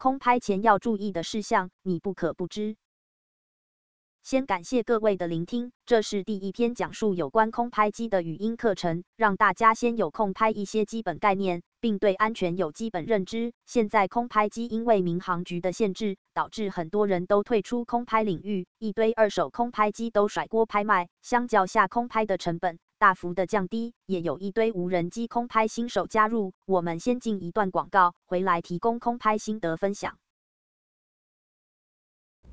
空拍前要注意的事項，你不可不知。先感謝各位的聆聽，這是第一篇講述有關空拍機的語音課程，讓大家先有空拍一些基本概念，並對安全有基本認知。現在空拍機因為民航局的限制，導致很多人都退出空拍領域，一堆二手空拍機都甩鍋拍賣，相較下空拍的成本。大幅的降低，也有一堆無人機空拍新手加入。我們先進一段廣告，回來提供空拍心得分享。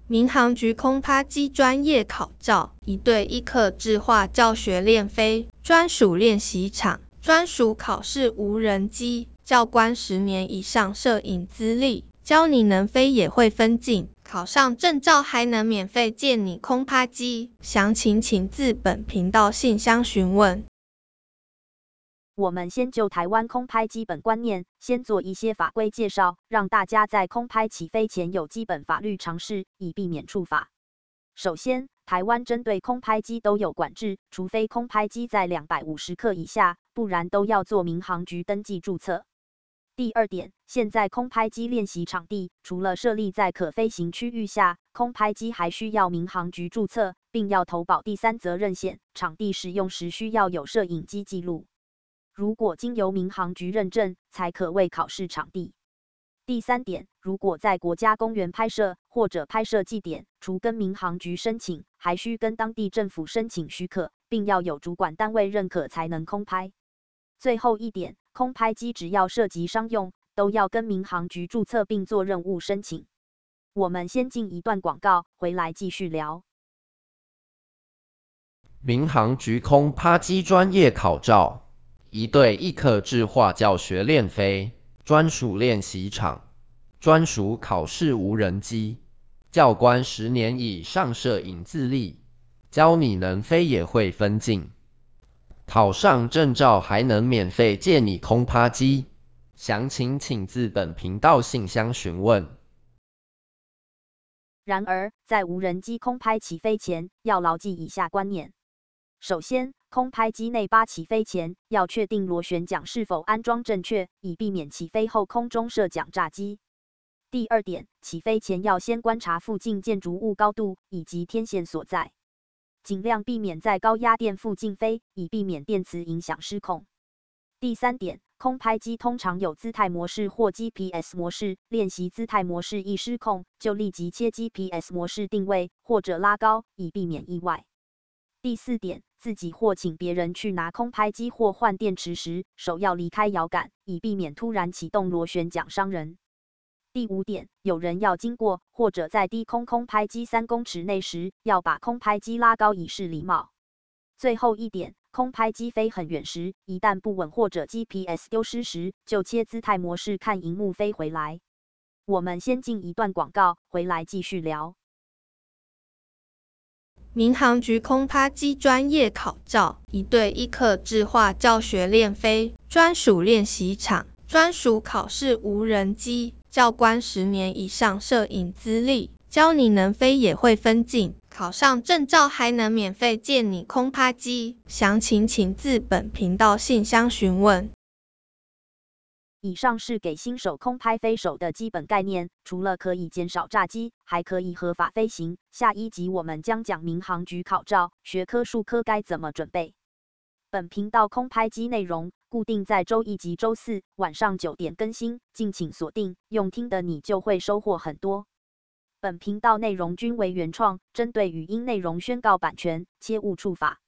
民航局空拍機專業考照，一對一客製化教學練飛，專屬練習場，專屬考試無人機，教官十年以上攝影資歷，教你能飛也會分鏡。考上證照還能免費借你空拍機，詳情請自本頻道信箱詢問。我們先就台灣空拍基本觀念，先做一些法規介紹，讓大家在空拍起飛前有基本法律常識，以避免處罰。首先，台灣針對空拍機都有管制，除非空拍機在兩百五十克以下，不然都要做民航局登記注冊。第二點，現在空拍機練習場地除了設立在可飛行區域下，空拍機還需要民航局註冊，並要投保第三責任險。場地使用時需要有攝影機記錄，如果經由民航局認證才可為考試場地。第三點，如果在國家公園拍攝或者拍攝地點，除跟民航局申請，還需跟當地政府申請許可，並要有主管單位認可才能空拍。最後一點，空拍機只要涉及商用，都要跟民航局註冊並做任務申請。我們先進一段廣告，回來繼續聊。民航局空拍機專業考照，一對一客制化教學練飛，專屬練習場，專屬考試無人機，教官十年以上攝影資歷，教你能飛也會分鏡。考上證照還能免費借你空拍機，詳情請自本頻道信箱詢問。然而，在無人機空拍起飛前，要牢記以下觀念：首先，空拍機內八起飛前要確定螺旋槳是否安裝正確，以避免起飛後空中射槳炸機。第二點，起飛前要先觀察附近建築物高度以及天線所在。盡量避免在高壓電附近飛，以避免電磁影響失控。第三點，空拍機通常有姿態模式或 GPS 模式，練習姿態模式一失控，就立即切 GPS 模式定位或者拉高，以避免意外。第四點，自己或請別人去拿空拍機或換電池時，手要離開搖桿，以避免突然啟動螺旋槳傷人。第五點，有人要經過或者在低空空拍機三公尺內時，要把空拍機拉高，以示禮貌。最後一點，空拍機飛很遠時，一旦不穩或者 GPS 丟失時，就切姿態模式，看熒幕飛回來。我們先進一段廣告，回來繼續聊。民航局空拍機專業考照，一對一客製化教學練飛，專屬練習場，專屬考試無人機。教官十年以上攝影資歷，教你能飛也會分鏡，考上證照還能免費借你空拍機。詳情請自本頻道信箱詢問。以上是給新手空拍飛手的基本概念，除了可以減少炸機，還可以合法飛行。下一集我們將講民航局考照學科術科該怎麼準備。本頻道空拍機內容固定在周一及周四晚上九點更新，敬請鎖定。用聽的你就會收穫很多。本頻道內容均為原創，針對語音內容宣告版權，切勿觸法。